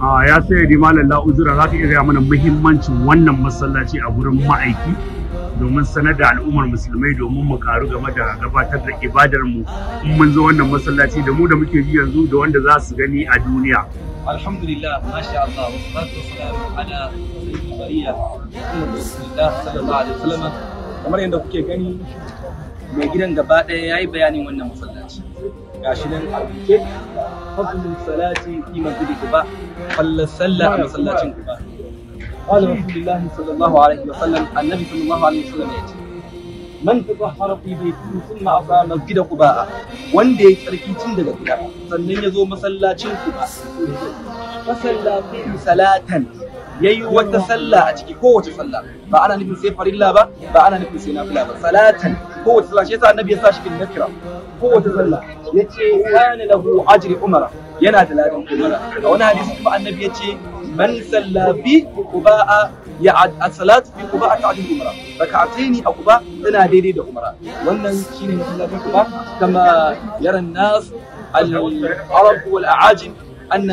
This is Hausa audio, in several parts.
ya sai di malam la'uzura za ka iya gaya mana muhimmancin wannan masallaci a gurin ma'aiki domin sanar da al'ummar musulmai domin mu karu game da gabatar da ibadar mu in mun zo wannan masallaci da mu da muke ji yanzu da wanda za su gani a duniya alhamdulillah masha Allah wa salatu wassalamu ala sayyidina bariya sallallahu kamar yadda kuke gani mai gidan gaba ɗaya ya yi bayanin wannan masallaci gashi nan a fadlul salati fi masjidi quba fallan sallah a masallacin quba قال رسول الله صلى الله عليه وسلم النبي صلى الله عليه وسلم يأتي man tatahhara fi baytihi thumma asa masjid quba wanda ya tsarki tun daga gida sannan ya zo masallacin quba fasalla fi salatan yayi wata sallah a ciki kowace sallah ba ana nufin sai farilla ba ba ana nufin sai nafila ba salatan kowace sallah shi yasa annabi ya sa shi bin nakira kowace sallah yace kana lahu ajri umara yana da ladan umara a wani hadisi kuma annabi yace man salla bi quba'a ya as-salatu bi quba'a ta'dil umara rak'ataini a quba tana daidai da umara wannan shine masallacin quba kama yaran nas al-arab wal a'ajim ان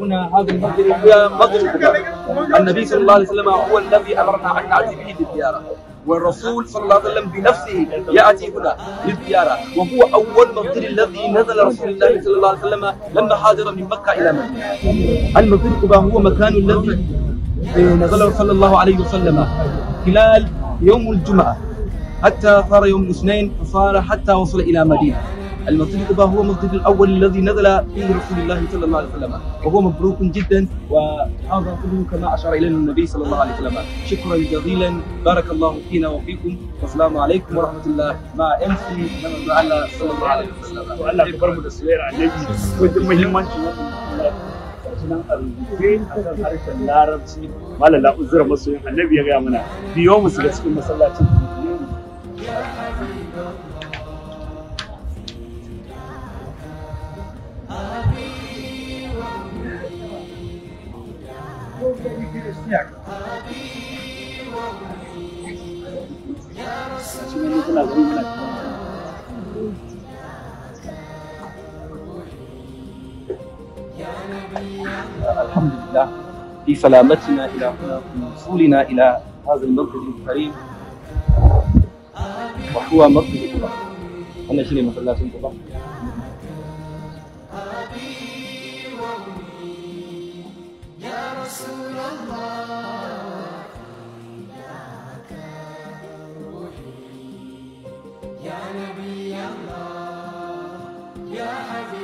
هنا هذا المنزل هو مصدر القباب النبي صلى الله عليه وسلم هو الذي امرنا ان ناتي به للزياره والرسول صلى الله عليه وسلم بنفسه ياتي هنا للزياره وهو اول مصدر الذي نزل رسول الله صلى الله عليه وسلم لما هاجر من مكه الى مكه المسجد قباء هو مكان الذي نزله صلى الله عليه وسلم خلال يوم الجمعه حتى صار يوم الاثنين وصار حتى وصل الى مدينه المسجد قباء هو المسجد الاول الذي نزل فيه رسول الله صلى الله عليه وسلم وهو مبروك جدا وهذا كله كما اشار اليه النبي صلى الله عليه وسلم شكرا جزيلا بارك الله فينا وفيكم والسلام عليكم ورحمه الله مع ام سي صلى الله عليه وسلم وعلى كبر من على النبي كنت مهمان sunan arziki a kan harshen larabci malala uzura masoyin annabi ya gaya mana biyo mu shiga cikin masallacin Boga i Wieśniaka. الحمد لله في سلامتنا إلى وصولنا إلى هذا المركز الكريم وهو مركز القبر. أنا شيني مثلا تنقبر. Ya Nabi Allah, Ya Habib.